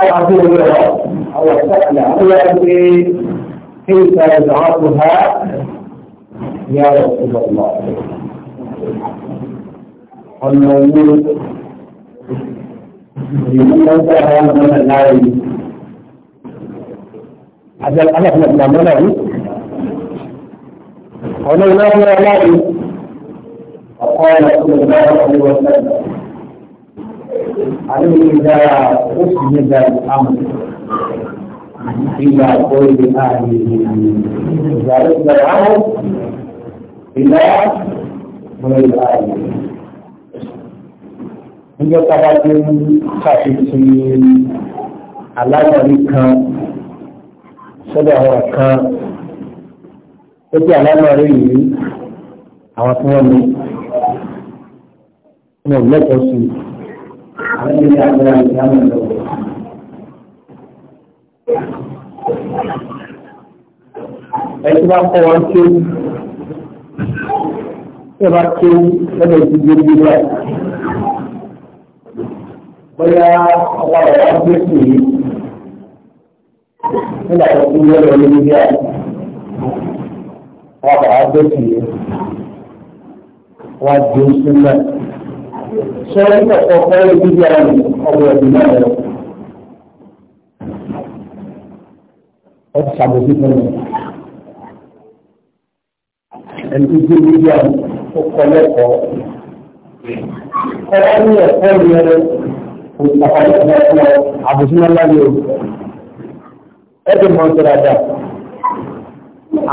كيف يزعمها يا رسول الله والمولود لمن انتهى من النعيم عشان أنا من المنعي ولو لا منعي فقال صلى الله عليه وسلم عليه إذا أسند الأمر إلى قول أهله إذا أسند الأمر إلى قول أهله Níjọ́ tábà tí ń ṣàfihàn alámọ̀rí kan sọ́dọ̀ àwọn kan ó jẹ́ alámọ̀rí yìí àwọn tí wọ́n ní wọn ò lẹ́tọ̀ọ́ sí àwọn ilé agbára ìdáhùn lọ́wọ́. Ẹtí bá kọ́ wọn tó ṣé bá tó lọ́dọ̀ ti gbé bí wá. Bóyá ọ̀pá ọ̀rọ̀ wọn gbé sí i nígbà tó kú lọ́dọ̀ ní bí wá. Wọ́n bá wá gbé sí i. Wọ́n á di oṣù náà sọ́yìn kọ̀ọ̀kan fẹ́rẹ̀ bíbí ara mi ọ̀gbọ̀n ẹ̀dùn náà lọ. Wọ́n ti ṣàbòsí fún mi. Ẹni tó gbé bíbí ara ó kọ́ lẹ́kọ̀ọ́. Ọ̀rọ̀ ní ẹ̀kọ́ mi ẹ̀rọ òṣìṣàpàdé ọ̀gá fún ọ àbòsí náà láyé o. Ẹ̀dùn mọ́ ń tẹ́ra dà.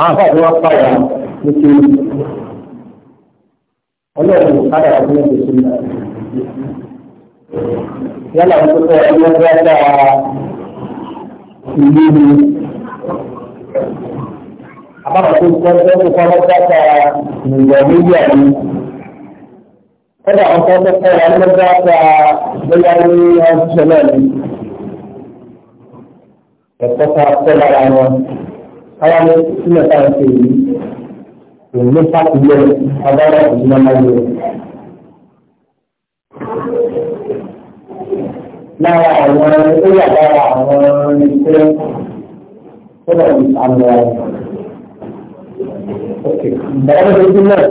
Àwọn afáàdé wa pààyà ní kí ọlọ́run kára ọdún ẹgbẹ́ sí náà yálà ń kókó ọdún ẹgbẹ́ dá ìlú ni àbámọ̀ tó ẹgbẹ́ tó kọ́ ọdún dá ìlú mídíà ni kódà wọn kọ́ ẹgbẹ́ kọ́ ọdún dá bóyá ní ọdún ẹ̀kọ́ ká kọ́ lára wọn káwọn ní sílẹ̀ táwọn ṣe yìí òun ló sàkúlẹ̀ agbára máa yẹ. Lára àwọn ó lára àwọn iṣẹ́ tó lọ àmì ọ̀rọ̀. Bàbá mi lójú náà.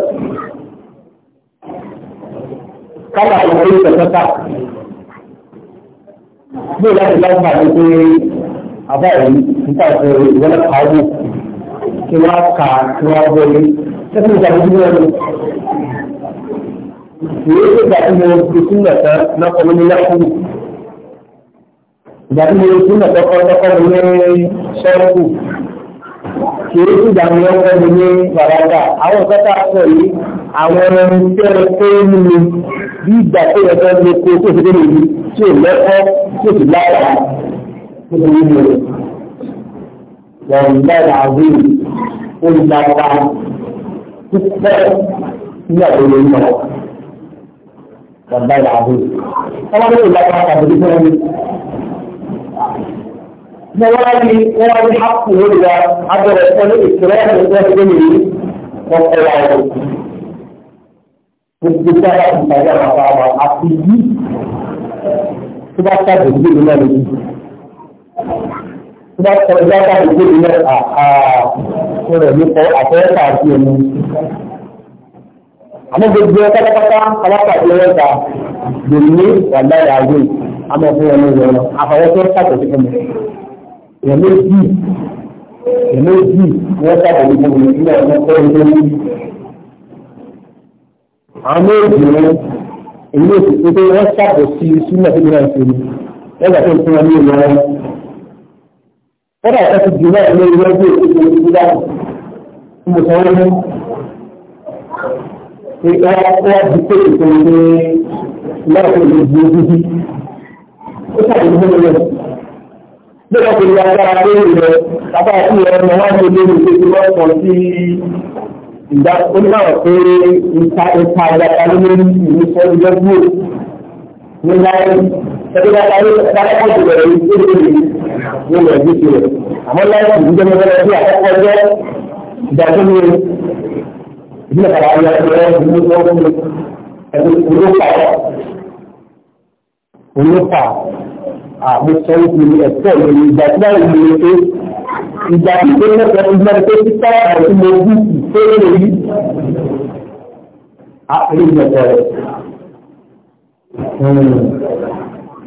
Kábà tó wọlé ìtọ́sọ́ta. Bí ìlànà ìlànà àti pé àbá ẹ̀rí nípa ìwọlé kàwé tí wọ́n kà tí wọ́n wọlé ẹ̀sìn ìgbà tí wọ́n lò. Ìwé ìgbà tí mo fi sílẹ̀ tán lọ́kọ̀ mi ní lẹ́kùn. Ìgbà tí mo fi sílẹ̀ tọ́kọ́ tọ́kọ́ mi ní sẹ́kù. Ìwé ìgbà mi lọ́kọ́ mi ní bàbá Àwọn nǹkan sọ yìí, àwọn ẹran tí ẹ kó nínú bí ìgbà tó yẹ kó lè kó kó sì dé lè tí ò lẹ́kọ́ tí ò sì láyà. Ó ti wí ní ọ̀rọ̀. والله العظيم قل لا تعلم تكفر لا تقول والله العظيم طبعا يقول لا تعلم نوالي نوالي حقه هو عبد الرسول الإسلام الإسلام الجميل والله العظيم بالبداية أنت جمع بعض العقيدي تبقى تبقى تبقى bá kọjá káàkiri gbèdé náà àà rẹ̀ nípa àfẹ́ẹ́sà àti ẹ̀mí. Àmọ́ gbogbo ẹ pátápátá alápàdé ẹ̀ta gbèmí wà láyé àgbè àmọ́ fún ẹni ìrọ̀nà àfọwọ́sẹ́ pàtàkì fún mi. Ẹ̀mí jì ẹ̀mí jì wọ́n pàtàkì fún mi nígbà wọn kọ́ ẹni lórí. Àwọn méjì ni èyí ló sì pé wọ́n ṣàbòsí sínú ẹ̀fíjìnà ìṣèlú. Ẹgbà tó ń fún wọn ní ìlú wọn wọ́n dà kẹ́sì jù náà lórí lọ́jọ́ ìṣèjì ìṣèjì dáhùn mo sọ wọ́n mú wọ́n di pé ìṣòro ní lọ́ọ̀kọ́ ìlú ojúbí ó sàbẹ̀ ní lọ́wọ́ bí wọ́n ti lọ agbára lórí rẹ̀ bàbá àti ìyẹn ọmọ wọn ṣe lórí ìṣèjì wọn sọ sí ìgbà ó ní àwọn pé ìta ìta ìyàtọ̀ lórí ìlú sọ́ọ́ Tapi dah tahu, dah tahu juga dari itu dulu. Ini lagi tu. Amal lah, juga mana lagi ada kerja. Jadi ni, ini kalau ada kerja, ini tu pun itu lupa. Lupa. Ah, mesti ini esok ini jadi ini tu. Ida itu nak belajar kita harus mesti kita ini. Ah, ini macam. Hmm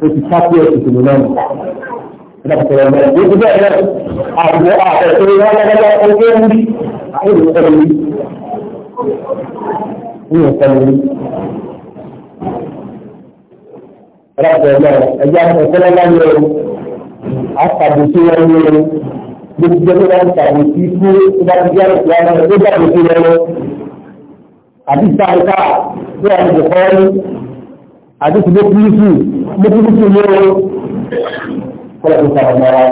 ó ti sáfì ẹ̀sìn tòun náà Ìdájọ́ ìgbà yóò ti bẹ́ẹ̀ náà, àbúrò àtẹ̀sẹ̀ ìrànlọ́wọ́ ọjọ́ orí, àwọn olùkọ́ mi, ní ọ̀sẹ̀ mi. Ìdájọ́ ìgbà ẹ̀jẹ̀ àtẹ̀sẹ̀ lọ́wọ́ ni o, àtàbùsí wọn ni o, gbogbo ẹgbẹ́ wọn tàbùsí fún ìdájọ́ ìgbà wọn ló dàbùsí wọn. Àbí ìtàkùn káà, bí wọn ti kọ́ àti ti mọ́kúrúsù mọ́kúrúsù ní ọ̀rọ̀ kọ́lọ̀kù sàrànàrà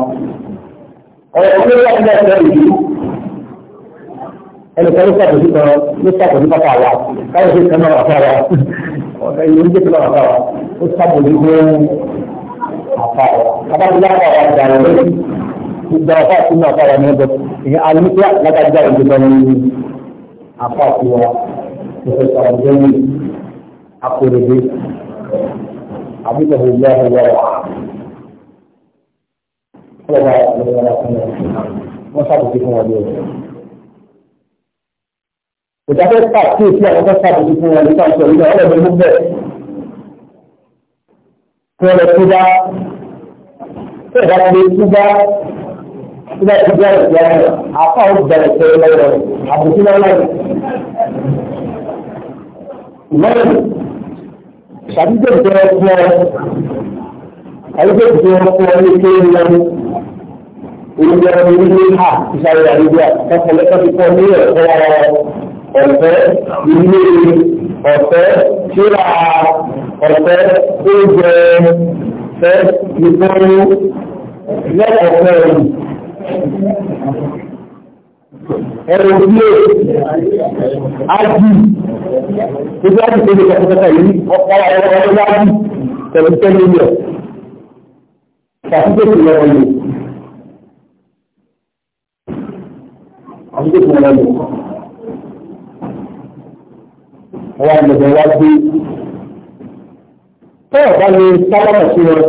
ọ̀rọ̀ tó wà ní ọ̀sẹ̀ ìlú ẹnìkan ló sàkóso kan ló sàkóso pápá wa káwọn ṣe kan náà àfáwa ọ̀gá ìlú oúnjẹ kan náà àfáwa ó sàkóso fún àfáwa abájúlá àfáwa dàrú lẹ́yìn gbogbo àfáà tó náà àfáwa ní ọjọ́ ìyẹn alùpùpù lágbájá ìjọba ní àfáà tó wà lọ́sẹ̀ sàrànàrà àkòrèdè عبده الله ورعاه wọ́n ṣàbùkù fún wọn ní ọjọ́. ìdájọ́ pàṣẹ sí àwọn tó ṣàbùkù fún wọn ní sáńsọ̀ nígbà wọ́n lọ́dọ̀ gbogbo ẹ̀. tí wọ́n lọ sí bá tí ìbá ti sí bá tí bá ti bá ìgbà rẹ̀ àpá ó bẹ̀rẹ̀ sí ẹ lọ́wọ́ rẹ̀ àbùkù náà lọ́wọ́. ìmọ̀lẹ́yìn tàbí tó tẹ ẹ fún ọ àyíkó tó tẹ ẹ fún ọ ní kéwì wọn olùdó ẹni ní ha ìsàlẹ̀ àdúgbò kọkànlẹ́ kọ́tù kọ́ ní ẹ̀kọ́ ọ̀fẹ́ ilé ọ̀fẹ́ síra ọ̀fẹ́ tó fẹ́ ìfọ́nú lẹ́kọ̀ọ́ fẹ́ yìí ẹ̀rọ̀dílé ájì gbogbo ájì tó lè kọ̀kọ̀kọ̀ yìí ọ̀pọ̀ ọ̀rọ̀ ájì pẹ̀lú tẹ́lẹ̀ yẹ̀ ṣàtúntò lọ wọlé àtúntò lọ wọlé ọwọ́ àgbẹ̀bẹ̀ wá gbé tọ́ọ̀ bá ní sábàbà sí wọn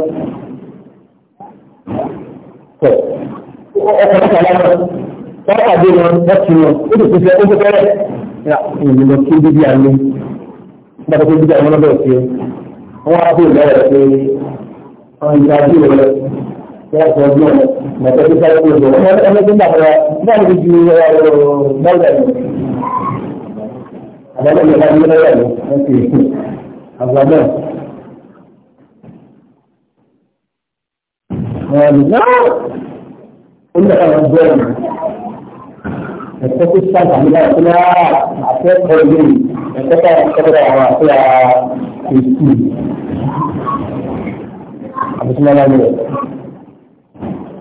ọkọ̀ ọkọ̀ lára wọ́n pàdé wọn wọ́n ti wọn ó sì fífẹ́ ó fífẹ́ rẹ̀ ya ìrìn lọ kí bíbí àmì nígbà tó bíbí àmì lọ́dọ̀ sí ẹ wọ́n á bèèrè lọ́wọ́ pé wọ́n ń gba bí rẹ̀ wọ́n sọ bí wọn mọ̀tọ́ tó sáré kúrò bọ̀ wọ́n ẹni tó ń bà fọlá nígbà tó ju bọ́ọ̀lù ẹ̀mí àbálẹ̀ ìlú ọ̀la ìlú ọ̀la ìlú àbálẹ̀ wọ́n á lè náà ó ní àwọn ẹ̀kọ́ tó ṣàǹfààní láti fún wa akẹ́kọ̀ọ́ ilé ẹ̀kọ́ tó àkọ́kọ́ àwọn àti èsì àbùsùnmọ́lá ni rẹ̀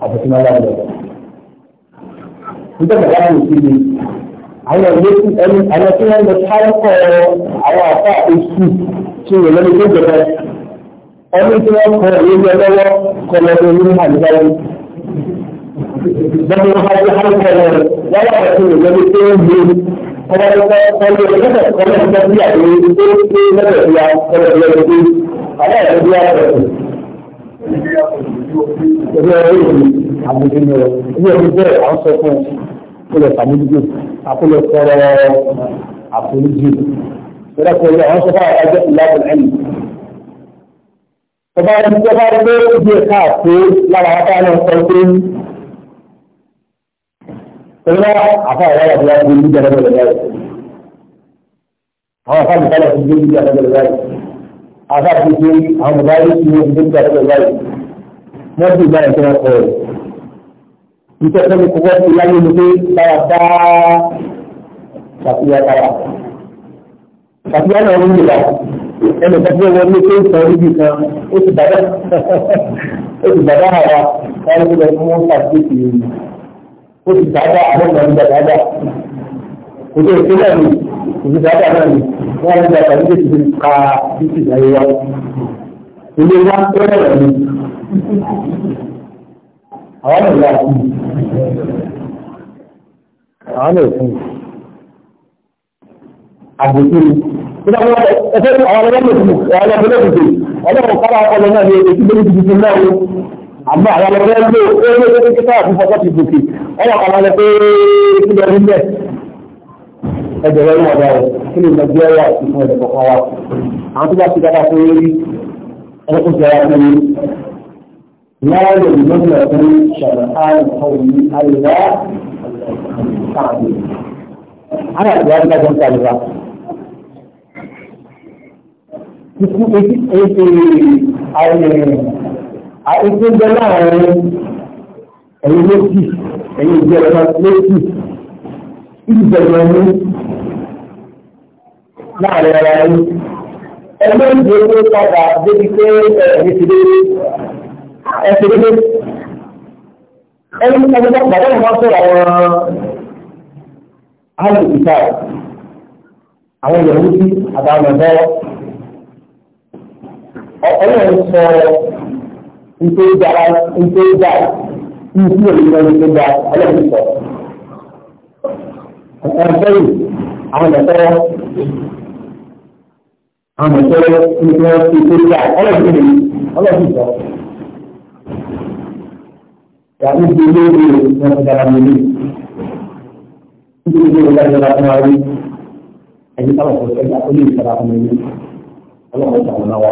àbùsùnmọ́lá ni rẹ̀. nítorí àwọn èsì ni àwọn ilé ẹni àwọn tí wọ́n lọ sáyẹ́kọ̀ àwọn àfa èsì tí wọ́n lọ́ni tó jẹ̀bẹ̀ ọdún tí wọ́n kọ ìwé lọ́wọ́ kọ́ lọ́dún ní àdúgbò lọ́wọ́ bá ti hàlùkọ́ lọ wáyà àti ìrọ̀lẹ́ tó ń lò ọba tó kọ́ ọlọ́ lọ́sẹ̀ kọ́lọ́ nípa bí àtẹ̀wé tó ń pé lọ́sẹ̀ bí a kọ́lọ́ bí ọdún pé àlẹ́ àti bí a kọ́lọ́ bí. Ẹgbẹ́ ọ̀rẹ́ ìlú àbùkù ni ọ̀rọ̀ ilé ọdún bẹ́ẹ̀ à ń sọ fún akólọ̀ sàmójúgbò akólọ̀ sọ̀rọ̀ àforíjì. Ìrẹ́ kò rí àwọn sọ́fà ẹgbẹ́ ìlàbùn ẹ̀mí. Ọba ẹni tó bá rí pé ó di ẹ̀ka àpò lára wákàtí náà sọ pé tọ́lá àfa àwọn àti wáyé ní ìjà lọ́dọ̀ lọ́dọ̀ àwọn àfa àti kálọ̀ fún ìjà lọ́dọ̀ lọ́dọ̀ àfa àti ṣe àwọn ọba yìí ti wọ́n ìjà lọ́dọ̀ lọ́dọ̀ wọ́n ti gbà ẹ̀kọ́ ọkọ̀ rẹ̀ iṣẹ́ tó ní kókó sí láyé ni pé tára bá ṣàfihàn tára ṣàfihàn náà ń yìlá ẹnì kan tó wọlé tó ń sọ níbi kan ó ti bàbá ó ti bàbá àwa wọn ló lọ fún wọn ṣàfihàn ó ti dáadáa àbọ̀nà ń gba dáadáa kò tó náà ni kò ti náà ni wọ́n ń gba tàbí tó ti fi ka bíkì láyé wa ilé wa tó rẹ̀ ni àwọn náà yà kú àwọn náà fún àbùkù ni ẹgbẹ́ àwọn ọlọ́mọdé ọlọ́mọdé ọlọ́mọdé ọlọ́mọdé ọlọ́mọdé ọlọ́mọdé ọlọ́mọdé ọlọ́mọdé ọlọ́mọdé ọlọ́mọdé ọlọ́mọdé ọlọ́mọdé ọlọ́mọdé àmọ́ àwọn ọmọ ẹgbẹ́ ló ó ló tó kíkọ́ àfihàn ọjọ́ ti gòkè wọ́n wà kàwọn ẹgbẹ́ kí lọ rí bẹ́ẹ̀ ẹgbẹ́ rẹ̀ wọ̀ dáa kí lè lọ́gbẹ́ ẹ̀rọ àti fún ẹ̀dẹ̀ kọ̀ọ̀kan wa àwọn tó bá ti dáadáa fún yẹn rí ẹni tó jẹ́ wá fún yẹn lára lè ní lọ́gbẹ́ ọ̀gbẹ́ ṣàlẹ̀ àrùn ọ̀hún ní àyèlá káàdì àwọn àti wá nígbà tó ń kàlùwà. Àwọn ènìyàn àìsí jẹ láàrin ẹ̀yìn méjì ẹ̀yìn ìjẹ̀rọ méjì ìjẹ̀rọ ní láàrin ara yìí ẹgbẹ́ ìdílé padà débi pé ẹ̀yìn ti dé ẹ̀sìn dé ẹni nípa nípa bàbá ìwọ́n sọ̀rọ̀ àwọn alùpùpù àwọn yẹ̀wù sí àtàwọn ọ̀dọ́ ọ̀pọ̀lọpọ̀ sọ̀rọ̀ nítorí dára nítorí dára nítorí òyìnbó nítorí dára ọlọ́run sọ. ọ̀sán sẹ́yìn àwọn ìdàtọ́wọ́ àwọn ìdàtọ́wọ́ nítorí nítorí dára ọlọ́run sọ. ọlọ́run sọ. yàtí ìdílé ìlú wọn ti dára nílé nítorí ìlú wọn ti dára fún wa rí ẹni táwọn kò sẹ́yìn àkọlé ìsara fún mi ọlọ́run sọ àwọn náà wà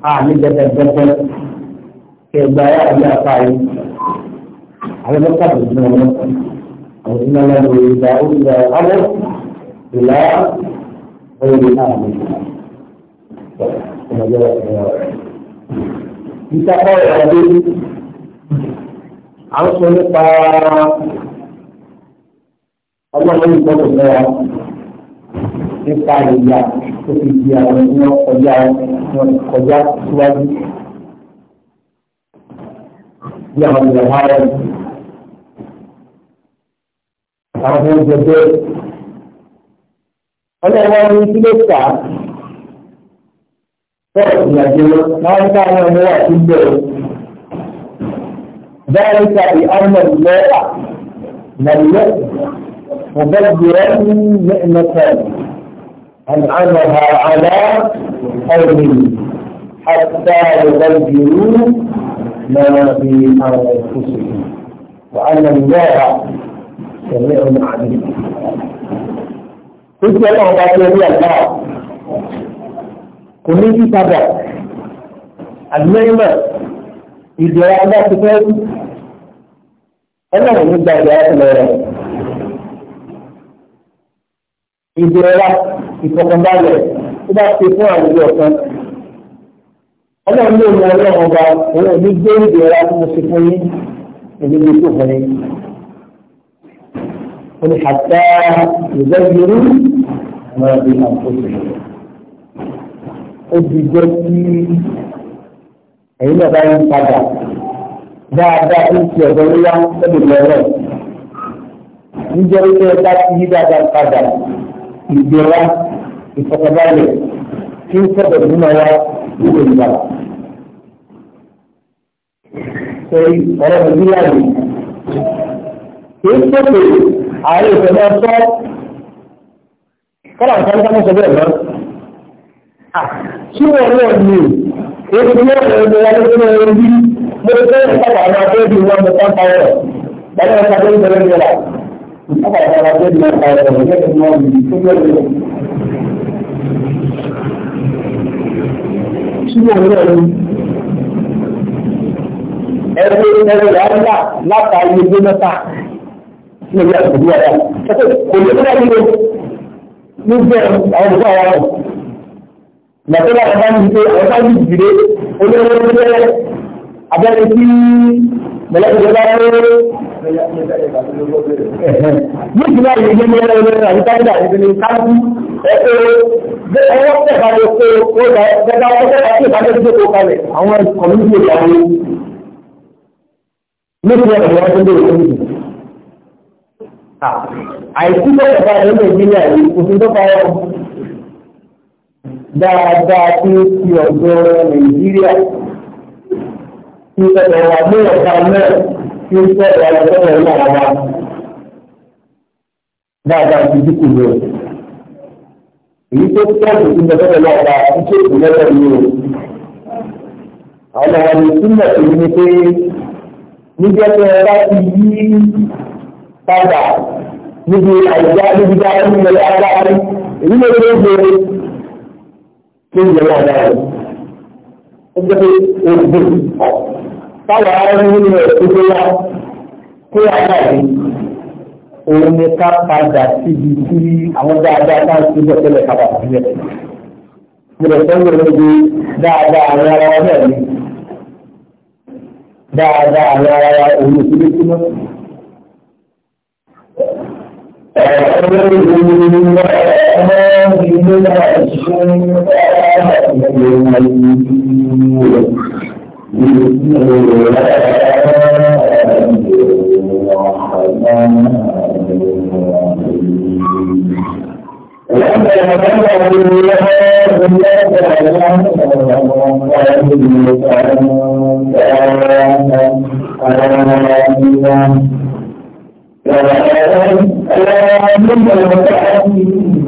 á ní dẹ́dẹ́ dẹ́dẹ́. ẹgbẹ́ ayé àbí apá yìí àwọn ọlọ́pàá tó ti náà lọ́pàá àwọn tí náà lọ́wọ́ ìgbà ó ti bẹ̀rẹ̀ alẹ́ ìlà ọ̀rẹ́ náà lè ọmọdé wà ní ọ̀rẹ́. ìtakọ̀ ọ̀rẹ́ à ń sọ nípa ọlọ́run ìgbọ́dọ̀ mẹ́ra nípa ìyá tó fi di àwọn tí wọ́n kọjá síwájú. يعمل الهاي عرفوا الجديد أنا أقول لك لسه فرق الجنة ما كان هو في الجنة ذلك بأن الله لم يكن مبدلا نعمة أنعمها على قومه حتى يبدلوا ما في أنفسهم وأن الله سميع عليم Oṣù ọlọ́run bá ti rí àgbà kò ní bí padà àgbẹ̀yìnmọ̀ ìdíra ọlá ti fẹ́ rí ọlọ́run ní gba ìdíra ọlọ́ rẹ̀. Ìdíra ìfọkànbalẹ̀ tó bá ti fún àwùjọ kan ọlọ́run ló mú ọlọ́run ọba òun òbí gbé ìdè ọ̀la tó mo ṣe fún yín èmi ní tó fún yín. ó ní àtà ìgbẹ́gbẹ́rú máa bí àkóso. ó ti jẹ́ kí ẹ̀yin náà bá ń padà dáadáa tó ń ti ọ̀dọ́ níyà lọ́dún lọ́rọ̀. níjẹ́ wípé ẹ bá ti yí dáadáa padà ìgbéra ìfọ̀kànbalẹ̀ kí sọ̀rọ̀ nínú wa nílò ìgbà. Ṣé ọ̀rọ̀ Nàìjíríà yìí? Kì í sọ̀tò ààrẹ ìfẹ̀mọ́ sọ kọ́lá nǹkan tó ń sọ bẹ́ẹ̀ náà. Kí wọ́n náà ní èyí tí wọ́n rẹ̀ ń wọlé nínú ẹ̀rọ bí mo ti fẹ́ ìpàdé àwọn abẹ́ẹ̀dì wọn mo tán táwọn rẹ̀. Bàbá ìpàdé ìbẹ̀rẹ̀ ń yẹra. Ìpàdé àwọn abẹ́ẹ̀dì wọn táwọn súnmọ́ náà ni ẹgbẹ́ ẹgbẹ́ làálà láta iye gbé mẹ́ta ní ẹgbẹ́ àgbègbè ọ̀dà kò lè fẹ́ nílò ní bẹ́ẹ̀ àwọn olùkọ́ àwọn ọ̀dọ̀ lọ́tọ́lá ọ̀dá ní pé ọ̀dá ní ìdílé olóòwò abẹ́rẹ́ sí mọ̀lẹ́bí bá pé yóò fi láàyè ilé mẹ́rin ẹgbẹ́ àti tábìlì àti ìbìnrin káàkiri ẹ̀kọ́ ọwọ́ tẹ̀ka lè kó o gbà ẹ̀ka ọwọ́ tẹ̀ka sí ìbájẹ́ tó tó kalẹ̀ àwọn kọ̀míkì ìgbà wọn nítorí ọ̀rọ̀ wọn tó lè rí àìsí tó kẹfà ní nàìjíríà yìí kò sí tó fara dáadáa tí ó ti ọ̀dọ́ nàìjíríà kí sọ̀rọ̀ wà ní ọ̀gá náà kí sọ̀rọ̀ wà lọ́sọ̀rọ̀ náà wà. Dáadáa ti dínkù ní o. Èyí tó tọ́jú sí lọ́sọ̀rọ̀ náà wà ń ṣe ìpínlẹ̀ ní o. Àwọn ọ̀rọ̀ mi túmọ̀ sí ni pé níbi ẹgbẹ́ ẹ bá ti yí padà níbi àìjá níbi dáa ní ilẹ̀ agbára èyí ló ló ń gbé e. kí ń yẹ wọn dáa. Ó jẹ́ pé ó gbé. E táwọn ará nínú rẹ̀ tó tó wá tó wà láàrin òun ni ká padà síbi tí àwọn dáadáa tá à ń ṣe bọ̀ tẹ́lẹ̀ ká padà síbẹ̀. mo lè sọ wọ́n lóde dáadáa àwọn ará wa náà ni dáadáa àwọn ará wa òun ò síbi sí mọ́. Ọ̀rọ̀ ìlú ọmọ ìlú náà ṣe ń bá àwọn ọmọ ìlú rẹ̀. بسم الله الرحمن الرحيم ولما بلغ الله الله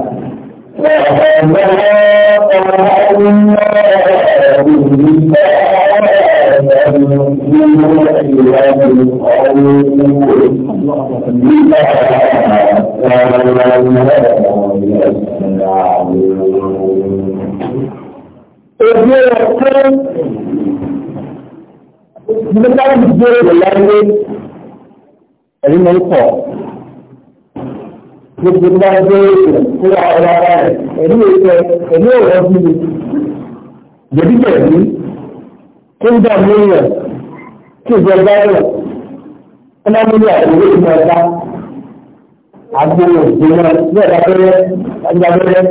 Ojú ọ̀pẹ́ nígbàtí gbé ìrọ̀lẹ́ ẹ̀rí mọ́ ń pọ̀ gbogbo ní wọn gbé ètò tó wà ọ̀rọ̀ ara rẹ̀ ẹ̀mí ètò ẹ̀mí ọ̀rọ̀ bí mi. Jẹ̀bíjẹ̀bí tó ń dà mí rẹ̀ kí ìjọba rẹ̀ ẹ máa mú ní àkókò ìmọ̀ ẹ̀dá agbóhùn ìgbóná ní ẹ̀dá abẹ́rẹ́ ẹ̀dá abẹ́rẹ́.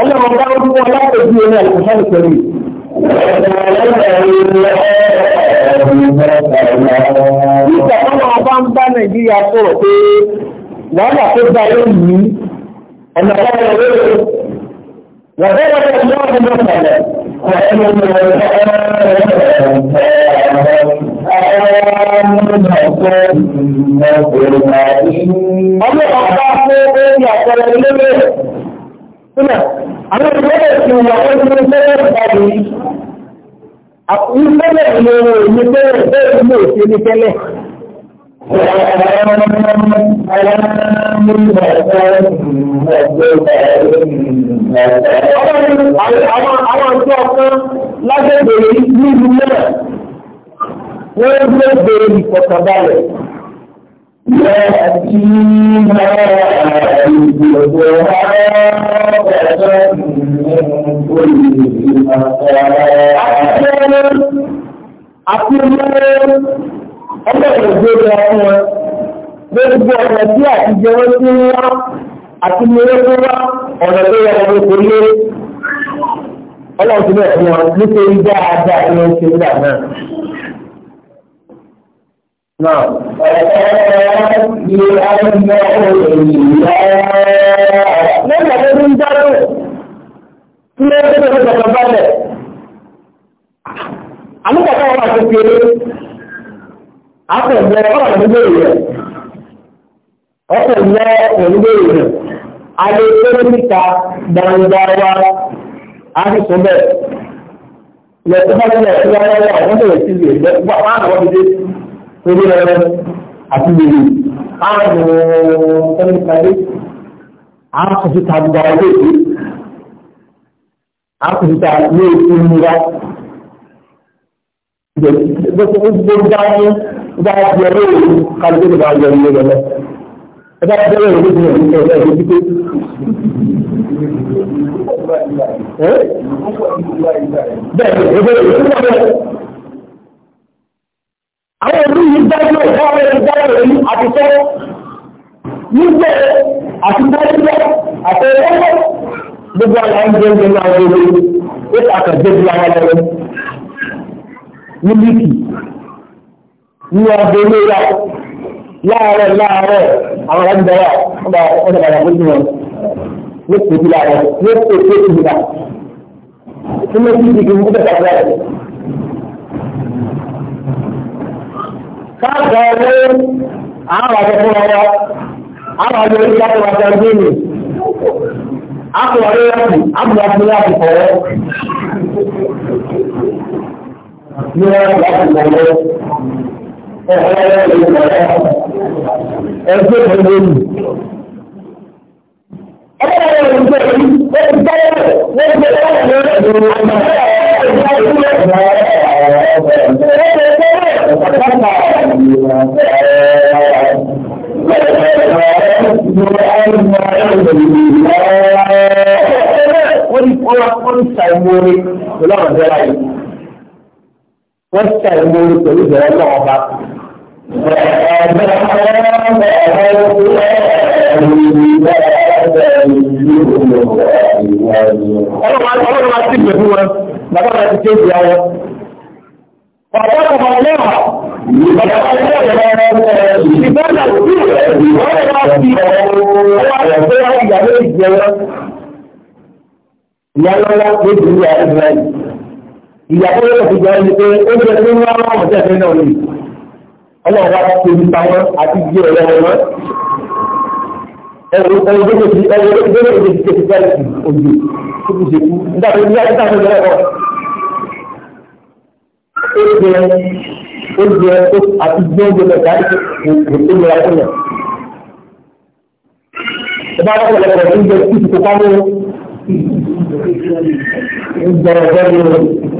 Ọlọ́run bá ń fún ọ látọ̀jú ẹni àlùfáàlù pẹ̀lú. Nígbà táwọn ọba ń bá Nàìjíríà sọ̀rọ̀ pé wàhálà tó gba lónìí ọ̀nà ọ̀rọ̀ lórí wàhálà tó gba lónìí ọ̀nà ọ̀rọ̀ Ọjọ́ ọ̀pá fún orí àpẹẹrẹ ilé rẹ̀. Sílẹ̀, àwọn ìgbẹ́lẹ̀ ti wà orí ilé ìpàdé. Ìgbẹ́lẹ̀ ìlú ìlú tẹ́lẹ̀ tẹ́lẹ̀ ìlú òṣèlú tẹ́lẹ̀. Àwọn àjọ ọ̀kan lágbègbè nílùú náà wọ́n gbé bèèrè ìfọ̀kànbalẹ̀. يأتينا بجهاد من كل مكان ọlọ́run gbé lọ fún wọn gbogbo ọ̀nà tí àtijọ́ wọn ti ń wá àti mìíràn tó wá ọ̀nà tó yẹ wọn kò lé ọlọ́run ti bẹ̀ fún wọn nítorí dáadáa ni wọ́n ṣe nígbà náà. Náà. Lẹ́yìn àti ń dáhùn, ilé ẹgbẹ́ tó ń jọba balẹ̀. Àmúkàtà wọn àti kéré akọ̀ lọ ọ̀rọ̀ nígbè rẹ̀ ọkọ̀ lọ ọ̀rọ̀ nígbè rẹ̀ alẹ́ tẹ́lẹ̀ níta gbangba wa a ti sọ bẹ́ẹ̀ lẹ́tọ́ bá tẹ́lẹ̀ tí wọ́n wá wọ́n bẹ̀rẹ̀ sí lè lẹ́ wá wọ́n àwọn ọdún tó lé lọ́rẹ́ àti lè lè àrùn tẹ́lẹ̀ níta dé àkùsùtà gbàgbé àkùsùtà ní ètò ìmúra gbogbo dání bá ti ọwọ́ ìlú kálukú ní máa yọ ilé rẹ lọ. ẹ bá ti ọwọ́ ìlú ní ìlú ẹ̀rọ ìlú pípé. bẹ́ẹ̀ni ìgbẹ́ ìlú tó bẹ̀rẹ̀. àwọn ìlú yìí dájú ẹ̀ka ọ̀rẹ́ ìdájọ́ ìlú àtijọ́ nígbẹ́ àtijọ́ àti ọwọ́ gbogbo àwọn ìjẹun ní àwọn ìlú ó kàkà dé bí àwọn ọlọ́run mílíkì ní ọdún léra láàárọ̀ láàárọ̀ àwọn ọ̀dọ́wà ọba ọ̀dọ̀bàdà fún wọn ní kòtì láàárọ̀ ní kòtì tó ti gbà tí mo ti di gbogbo tẹ̀sán rẹ̀. káàkiri ọ̀rẹ́ àwọn àjọpọ̀ ọ̀rọ̀ àwọn àjọ ìgbà tó wà jẹun déèmì akọ̀wé láti àbúrò àbúrò àbúrò ní wọn láti gbàgbọ́ ẹgbẹ́ ìgbàgbọ́ ni. ẹgbẹ́ ìgbàgbọ́ ni wọ́n ti gbọ́ wọ́n ti gbọ́ wọ́n ti gbọ́ wọ́n ti gbọ́ Wọ́n ti kọ́ wọ́n ti ṣàìmọ́ orí pẹ̀lú àwọn ọ̀dọ́ láyé wọ́n ṣàì lórí pẹ̀lú ìbẹ̀rẹ̀ náà ọba. Ìyá lọ́lá ló dùn ní àárín ìyàwó yóò fi jẹ́ ẹni pé ó jẹ́ pé wọ́n wọ́n wọ́n jẹ́ náà ni ọlọ́run wá ti fi pamọ́ àti jẹ́ ọ̀rẹ́ wọn mọ́ ẹ̀rù ẹ̀rù gbẹ́gbẹ́ ti ẹ̀rù gbẹ́gbẹ́ ti ti ti fẹ́ẹ́ ti òjò tó fi ṣèkú nígbà tó ní ẹ̀rù táwọn ọ̀rẹ́ wọn. ó jẹ ó jẹ àti jẹ́ oúnjẹ mẹ́ta kò tó lọ́ra fún yàn. ìbá wọn kọ̀ lọ́kọ̀ oúnjẹ tí ti kó pamọ́ ń jẹ ọ̀rẹ́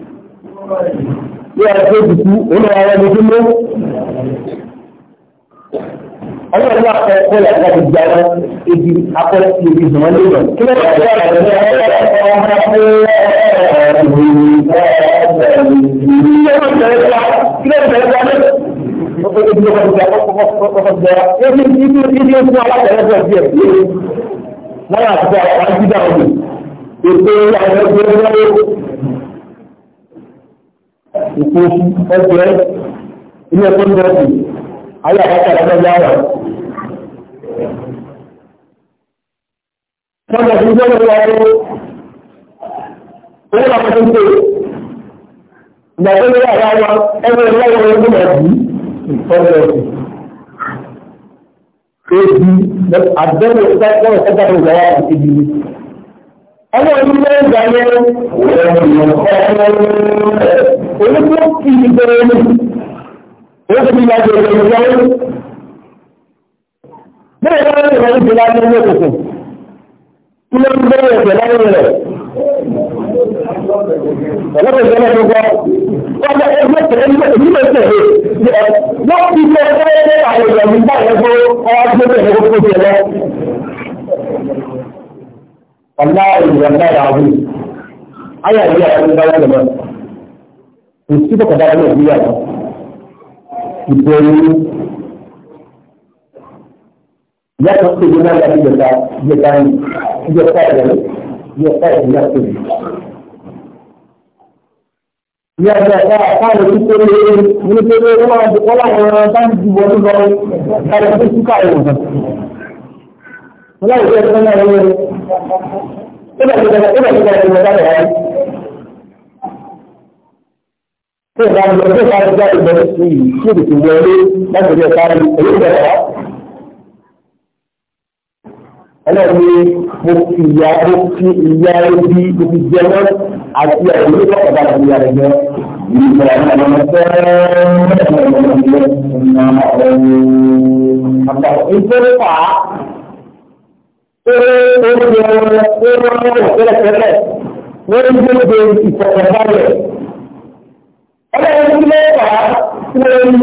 bí a ṣe dùkú nínú àwọn ẹni tó mú. Ọjọ́ ìlú àkọ́kọ́ yàtọ̀ láti gba wọn ibi akọ́lẹ́ ti ibi ìgbìmọ̀ lónìí. Kí ló dé ọ̀rọ̀ rẹ̀ ní ọ̀rọ̀ ọ̀rọ̀ fún ọ̀rọ̀ Kí ló dé ọ̀rọ̀ rẹ̀ kí ló dé ọ̀rọ̀ rẹ̀? Ọ̀pọ̀ ibi ọkọ̀ ìgbà kọ́kọ́ bẹ̀rẹ̀. Ebi ibi ibi oṣù alábẹ̀rẹ̀ bẹ̀rẹ̀ díẹ̀ lọ́wọ́ àti àwọn àjíjà ọ̀gbìn. Ètò àwọn ẹgbẹ́ ìkóṣù ọjọ́ ilé ẹ̀kọ́ ní ọ̀sìn ayé àkọ́kọ́ ọ̀sẹ̀ yára. Sọ́jà tí wọ́n lọ́wọ́ ọ̀rọ̀ owó àwọn tó ń pè ìgbà tó lọ́wọ́ àwọn ọmọ ẹgbẹ́ ìlọ́wọ́ ọdún ọ̀dún ìtọ́jú ọ̀sìn. Èdè àbẹ̀wò ìgbà tó ń sọ́jà tó ń gbà wá àti ìdílé ọlọ́run ló ń gbà yẹn olùkọ́ kì í bẹ̀rẹ̀ ní oṣù tí wàá bẹ̀rẹ̀ ní wáyé bẹ́ẹ̀ bá rẹ̀ wọ́n ti láti ní òkùnkùn kí ló ń bẹ̀rẹ̀ ẹ̀jẹ̀ láyé rẹ̀ ọlọ́run ìjọba tó gbọ́ ọjọ́ ẹgbẹ́ tẹ̀lé ní ìlú tẹ̀lé wọ́n ti lọ fẹ́ẹ́ àwọn ìyàwó báyẹn fún ọwọ́ tó tẹ̀lé ó wallahi wallahi azim aya yi a cikin dawo da ba to shi baka da Allah biya ba idan ya ka ce yana da da ta ya kan ya ta da ya ta da ya ce ya da ta ta da shi ko ne mun ce ne kuma da kola ne ta ji wani ba ta da shi ka yi wannan wallahi ya ta na ne Ibẹ̀ ti bẹ̀rẹ̀ ibẹ̀ ti bẹ̀rẹ̀ ìwé jáde rẹ̀. Tí ìgbà mi lọ sí ìgbà mi jáde bẹ̀rẹ̀ sí yìí tí o ti wọlé láti rí ẹ̀ka rí èyí bẹ̀rẹ̀ wá. Ẹlẹ́ni mo fi ìyá mo fi ìyá ibi mo fi jẹ mọ́ àti àìlú tó kọ̀dá àti ìyá rẹ̀ jẹ. Ìgbà mi lọ fẹ́ẹ́ mẹ́rin ọ̀rọ̀ ìgbẹ́ ìgbà mi lọ fẹ́ẹ́ lórí gbogbo ìfọ̀kànbalẹ̀. ọlọ́run tí ló fà á tí mo ní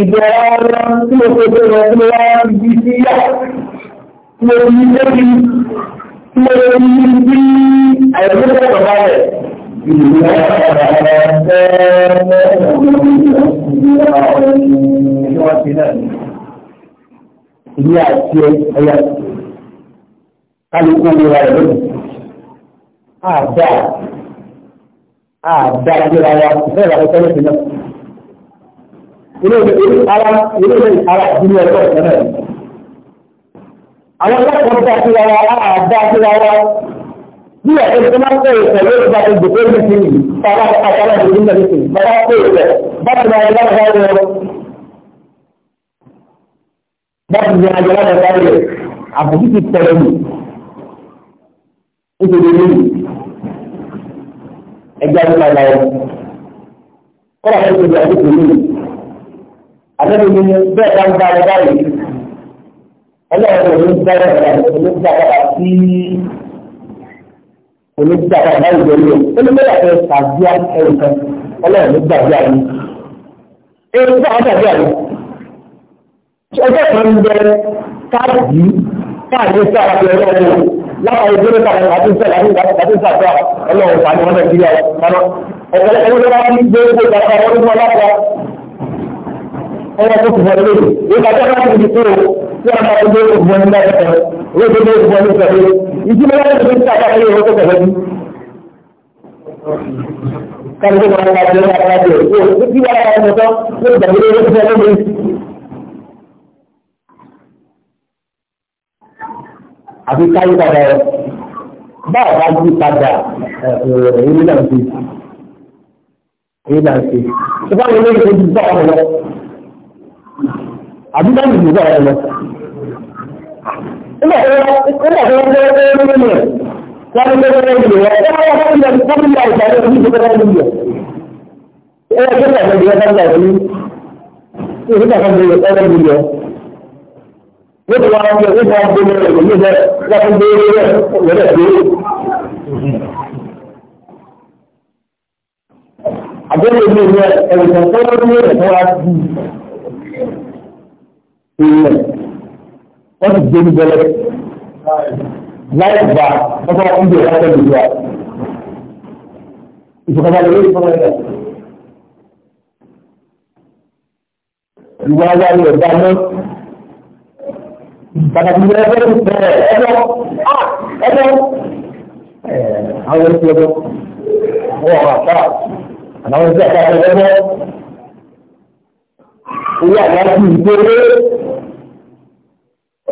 ìbẹ̀rẹ̀ ọ̀rọ̀ tí mo fẹ́ lọ tí mo wá ibi sí yá tí mo ní lórí tí mo ní sí àìsàn ìfọ̀kànbalẹ̀. Ìyá àti ẹ̀yà kálukú wúra rẹ̀ lónìí. Àdá àdá ìlera wa bẹ́ẹ̀ làwọn sọ́yìn sí náà. Ilé ìlú ara ilé ìlú ara ìdílé ọjọ́ ìfẹ́ náà. Àwọn akẹ́kọ̀ọ́ dá síra wa àdá síra wa. Bí ẹ̀sẹ̀ tó máa ń sọ̀rọ̀ ìfẹ́ lórí ìgbà tó gbèsè ní ti yìí, bàbá àti àwọn ìdílé náà ti bàbá pé ìfẹ́ bàbá máa ń lọ́wọ́ lọ́wọ́. Bàbá mi ni àjọ láti sáré àbùkù ti tẹ̀lé mi nítorí lórí ẹgbẹ́ àdúgbò àgbà wọn kọ́lá fún ìgbà àdúgbò lórí àdúgbò ní bẹ́ẹ̀ bá ń bá ẹ báyìí ọlọ́run kò ní gbá ẹ bàbá kò ní gbá bàbá sí kò ní gbá bàbá báyìí lórí ẹ ó ní bẹ́ẹ̀ bàbá tàbí ẹrù kan ọlọ́run ní gbàgbé àyè ẹrù tó àwọn tàbí àyè ọjọ́ kan ń bẹ káàdì káàdì sí àwọn ọlọ́run láwọn ojú ní kàwọn àti ìṣẹ́ láti ìgbàtí ìṣàtọ́ ọlọ́run fà ní wọ́n nàìjíríà kaná ọ̀pọ̀lọpọ̀ ẹgbẹ́ tó bá ń gbé gbé gbàgbà wọn ní wọn lápá ọwọ́ tó fún wọn lórí ìgbà tó bá ti di tó tí a máa gbé gbogbo wọn nígbà tó owó tó gbé gbogbo wọn nígbà tó ìdí mẹ́rin tó ń sàkà lórí owó tó kẹfẹ́ bí. káàdì tó máa ń wá jẹ́ àti káyé padà rẹ̀ báà bá yí padà èyí náà ṣe èyí náà ṣe ṣùgbọ́n àwọn olóyè tó ti bá ọ̀rọ̀ lọ àbí bá yìí bá ọ̀rọ̀ lọ. Nígbà tó wọ́n ń bá wọn lọ́wọ́ lọ́wọ́ lọ́wọ́ wọ́n ń bá wọn lọ́wọ́ lọ́wọ́ wọ́n ń bá wọn lọ́wọ́ wọ́n ń bá wọn lọ́wọ́ wọ́n ń bá wọn lọ́wọ́ Ẹ̀rọ ìgbésẹ̀ ìgbésẹ̀ ìgbésẹ̀ ìgbésẹ̀ ìgbésẹ̀ yóò tó wá ń bẹ yóò tó wá ń bẹ ní rẹ yóò tó gbé rẹ rẹ rẹ gbé. àbẹ̀wò mi ni ẹ̀rù kan tó ń lé ẹ̀fọ́ wa bí ìlẹ̀ wọ́n ti gbé ní bẹ́lẹ̀ láì gbà wọ́n tó wá ń bẹ wọ́n tẹ̀lé wa. ìfọ̀kànlá lórí ìfọ̀kànlá ìwà wa ni ọ̀gá náà pàtàkì ìgbà ẹgbẹ́ tó bẹ̀rẹ̀ ẹgbẹ́ ẹgbẹ́ ah, àwọn ẹgbẹ́ ẹgbẹ́ wọ́n wà fà àwọn ẹgbẹ́ ẹgbẹ́ ẹgbẹ́ ẹgbẹ́ orí àgbáyé ìgbéró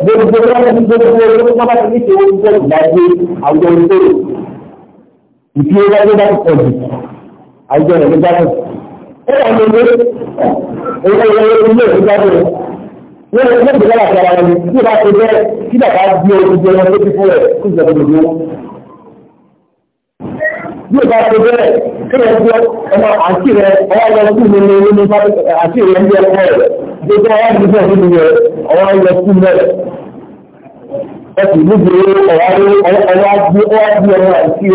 gbogbo ọmọ ní gbogbo ọmọ tó bá ti ní ṣe owó tó ìdájé àwùjọ ìgbéró ìfi owó tó bá ti pọ̀ jù àwùjọ ìgbéró ó wà ní ilé ìgbéró ilé ìgbéró wọ́n lè gbé lára ara wọn ní bí wọ́n ti bẹ́ẹ̀ kí bàbá bí ojú jẹ wọn lójú fún ẹ̀ kó ìjọba òdòdó. bí o bá ti bẹ́ẹ̀ kí wọ́n gbọ́ ọmọ àti rẹ ọwọ́ lọ sí mi ní nínú àti rẹ ń bí ọkọ rẹ gbogbo ọwọ́ mi bọ̀ nínú rẹ ọwọ́ lọ sí mi rẹ. ọtí níbi ọwọ́ agbé ọmọ àti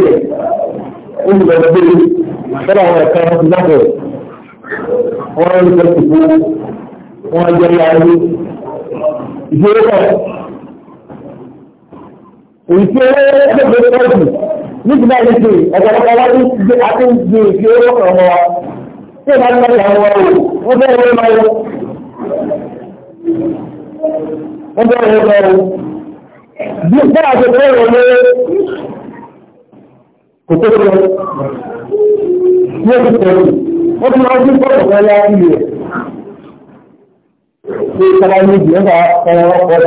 rẹ olùdókòwò sọ́dọ̀ àwọn ẹ̀ka wọn ti lábẹ́ wọn ń lọ sí fún wọn jẹ́ yàrá ìṣòro kan. Èyí tí ó gbẹ̀gbẹ̀ pọ́ọ̀tù níbi náà ní pé ọ̀pọ̀lọpọ̀ wá ní gbé àti gbé ìṣòro kan mọ́ wa. Tí ìbá ní àwọn ọ̀rọ̀ wọ́n bẹ́ẹ̀ wọ́n máa wọ́n. Wọ́n bẹ́ẹ̀ wọ́n máa wọ́n. Bí ìgbà àti ìgbà wọ́n lé kò tó lọ. Ní ọdún pẹ̀lú, wọ́n ti máa ń gbé pọ́ọ̀tù kan lá ilé rẹ̀ pé tọ́lá méjì ń bá ọwọ́ ọkọ̀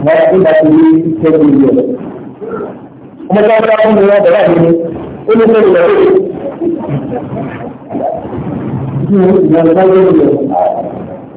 sí wọ́n ti bá ti ní ìṣẹ́jú ìlú ẹ̀. ọmọ tó ń bá fún mi wọ́n bẹ̀rẹ̀ mi ni ó ní sẹ́yìn lọ́wọ́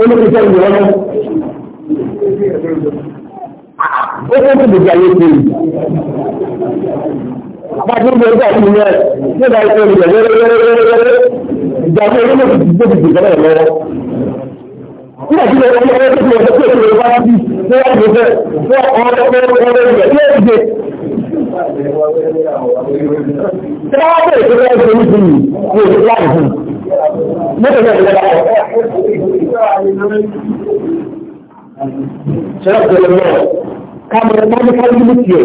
olókùtà ìlú ọlọ́. Ó tó tó gbèjà yé kiri. Àbájú ń bẹ ọjọ́ àti ìlú ẹ̀ ní ìgbà ìṣẹ́ ìlú wẹ́rẹ́wẹ́rẹ́wẹ́rẹ́. Ìjà fún ẹgbẹ́ náà ti gbé gbèjà náà lọ́wọ́. Nígbà tí wọ́n wọ́n tó ti ọ̀dọ́ pé ìlú wá sí ní wọ́n ti fẹ́ fún ọ̀rọ̀ ọ̀rọ̀ ọ̀rọ̀ ìgbà tí wọ́n ti gbé. Tí wọ́n bẹ̀rẹ̀ tó fẹ́ ṣe ní Ṣẹ́lẹ̀kọ̀ lọ́wọ́ káàmù ẹ̀mọ́ ní káàmù ní tiẹ̀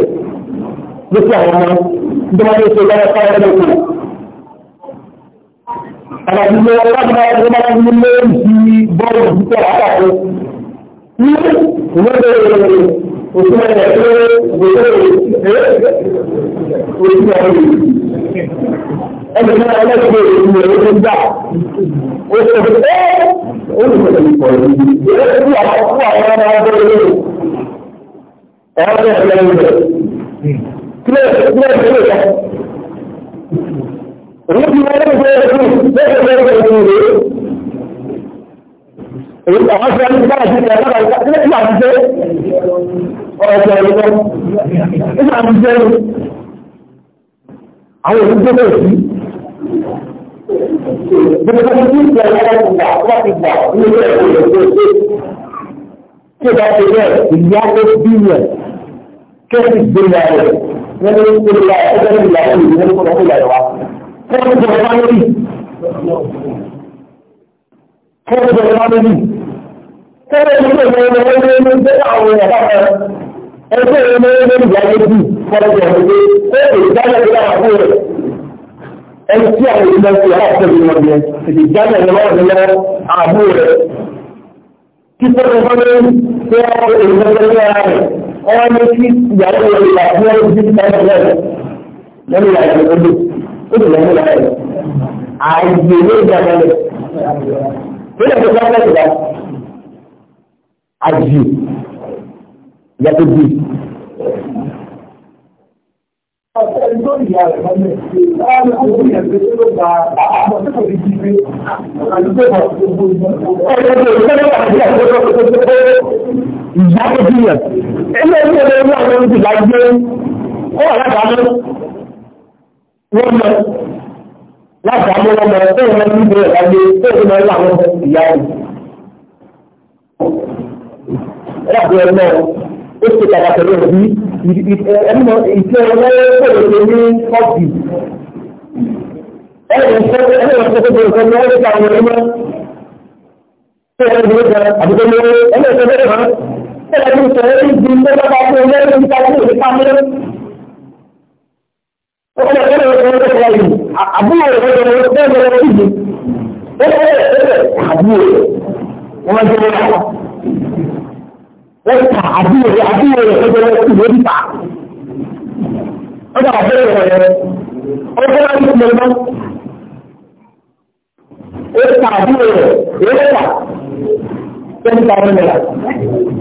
lókè àwọn ọmọ ìjọba ní oṣù lọ́wọ́ káàmù lókè. Àwọn ìlú ọlọ́gbà ìjọba ní lórí bọ́ọ̀lù púpọ̀ àpapọ̀. Ní ìwé ìwé ìwé òtú ẹ̀yẹ pé òwúrọ̀ òtú ẹ̀yẹ ẹni náà ẹlẹ́gbẹ̀ẹ́ òtú ẹ̀yẹ tó gbà ó sọ pé ó lè fẹ́ lè pọ̀ ní ìlú àwọn fún àwọn ọmọ ọdún ilé ọ̀rọ̀ ẹ̀yẹ rẹ̀ kílẹ̀ kílẹ̀ kílẹ̀ rẹ̀ òun ti wọ́n lẹ́gbẹ̀ẹ́ ẹ̀kú lẹ́gbẹ̀ẹ́ ẹ̀kú rẹ̀ èyí àwọn fẹ́ẹ́ ní báyìí ti ẹ̀rọ ọkọ̀ ẹ̀lọ́ nígbà tí jẹ́ àwọn òṣìṣẹ́ bẹ̀rẹ̀ sí gbogbo ní ìgbà ìgbà láti gbà ní ilé ẹ̀kọ́ ìgbà tí ó bá ti rẹ̀ ìyá tó bí rẹ̀ kẹ́sì gbé ra rẹ̀ wọ́n ní kó lè ra ẹgbẹ́ ní ìlànà ìlú wọn kó lọ́kọ́ ìyàrá wa kọ́ọ̀tù bọ̀rọ̀ wá lórí kọ́ọ̀tù bọ̀rọ̀ wá lórí kọ́ọ̀tù bọ̀rọ̀ wá lórí ẹgbẹ́ ìwé ọmọ ẹgbẹ́ ìgbà yẹn bí fọlọ́jọ ọ̀hún pé ó lè dáná ìlà àbúrò rẹ̀ ẹni tí àwọn ìlú ẹ̀sìn aláàfẹ́ mi wọ̀n yẹn èdè dáná ìlà ọ̀hún lọ àbúrò rẹ̀ kí fọlọ́jọ bá lóyún pé ọ̀hún èdè dáná ìlà rẹ̀ ọ̀hún ní kí ìyàwó rẹ̀ ìlà àbúrò rẹ̀ ti dáná ìlà rẹ̀ lẹ́nu ìlà rẹ̀ lọ́dún ó lè lẹ́nu ìlà rẹ̀ àyè ló dáná rẹ̀ ó lè ìyá tó bí. Ìyá tó bí yẹn. Ẹgbẹ́ ìwé ẹgbẹ́ ìwé àwọn oúnjẹ ìlà gbé ó wà látàánú. Wọ́n mọ látàánú wọn mọ tó wọn ní ìbéèrè ìlà gbé tó wọn ní àwọn ìyá rẹ̀. Ẹgbẹ́ ìwé ẹgbẹ́ ó ṣe pàtàkì rẹ̀ bí ìfẹ́ ọlọ́wọ́ pẹ̀lú ní kọ́ọ̀bì. ẹ̀rọ ìfẹ́ ẹ̀rọ ìfẹ́ tó bẹ̀rẹ̀ fún ọwọ́ ìfẹ́ àwọn ọmọ tó yẹ kí ó jẹ àbúkọ́ ní ọwọ́ ẹ̀rọ ìfẹ́ bẹ̀rẹ̀ hàn. ẹ̀rọ ìfẹ́ sọ̀rọ̀ ní ibi tó bá bá fún ọwọ́ ìfẹ́ tó bá fún ọwọ́ Àbúrò rẹ̀ lọ́wọ́ bẹ́ẹ̀ lọ́wọ́ ìdí. Ó bẹ̀rẹ̀ bẹ̀rẹ̀ àbúrò rẹ̀. Wọ́n jẹ́ wọn ó ta àbúrò rẹ̀ àbúrò rẹ̀ tó bẹ̀rẹ̀ ìwé níta. ó dàgbà bẹ́ẹ̀ rẹ̀ ó bẹ́ẹ̀ ní ìpínlẹ̀ mọ́. ó ta àbúrò rẹ̀ èyí ta ten thousand naira.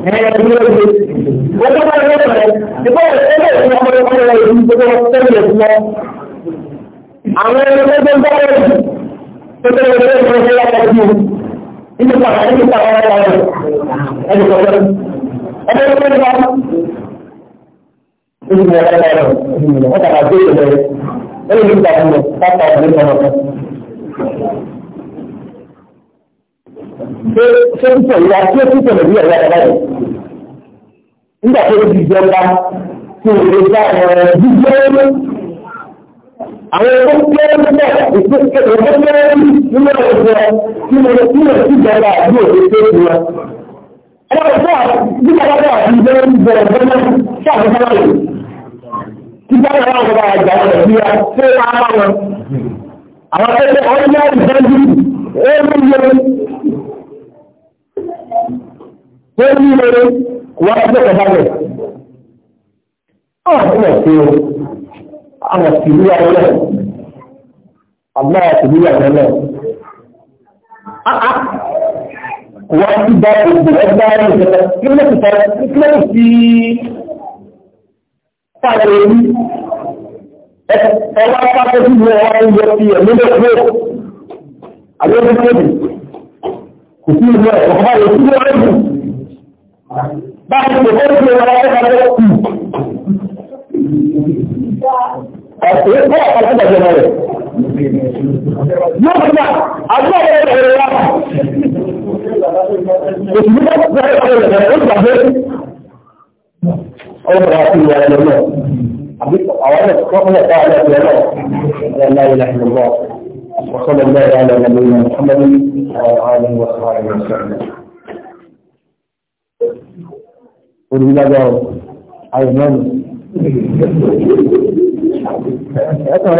ẹ̀rọ ìwé ìwé ó bẹ́ẹ̀ rẹ̀ rẹ̀ ìfọ̀ ẹgbẹ́ ìwé ọmọ ọmọ rẹ̀ yìí tó bẹ́ẹ̀ tẹ́lẹ̀ lọ. àwọn ẹgbẹ́ tó ń bá rẹ̀ tó bẹ́ẹ̀ rẹ̀ rẹ̀ rẹ̀ rẹ̀ rẹ̀ rẹ̀ rẹ̀ rẹ̀ rẹ̀ rẹ̀ rẹ̀ rẹ̀ rẹ̀ rẹ̀ ọmọ ẹgbẹ́ ní wọn. Ebi mọ̀ ọ̀rọ̀ ebi mọ̀ ọ́dọ̀ àgbà gbé ìlẹ̀ rẹ̀. Ẹ̀yẹ ní ìgbà mọ̀ pápá ọ̀gbìn mọ̀ ọ̀kan. Ṣé ṣé ń tẹ̀lé wa ṣé ọ̀rọ̀ ọ̀rọ̀ ọ̀rọ̀ jíjẹ́ ọ̀rọ̀ tí ẹgbẹ́ tó wà bí alága àti ìgbẹ́ ìbẹ̀rẹ̀ gbọ́dọ̀ ṣàkóso rẹ̀ kí bá yàrá ọ̀gá àjà rẹ̀ wọ́n ti bá gbogbo ẹgbẹ́ ayé ìjọba kílẹ̀ ìta kílẹ̀ ìfi pàdé orí ẹwà pàtó tí mo wá ń yọ sí ẹ̀mí lẹ́gbẹ́ àlejò tóbi kò sí ìlú ẹ̀kọ́ bá yẹ kí wọ́n lù Yóò fún wa, àbúrò ẹ̀rọ ìrora. لا اله الا الله وصلى الله على نبينا محمد وعلى اله وصحبه وسلم قل لا جاوب عينان